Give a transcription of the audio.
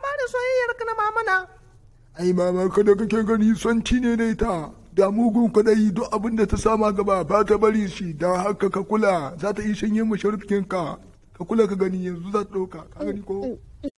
da soyayyar ka na mamana ai mama kada kake gani santi ne da ita da mugun kwaɗayi duk abin da ta sama gaba ba ta bari shi da haka ka kula za ta yi shanye mu sharfikin ka kula ka gani yanzu za ta ɗauka ka gani ko eh, eh,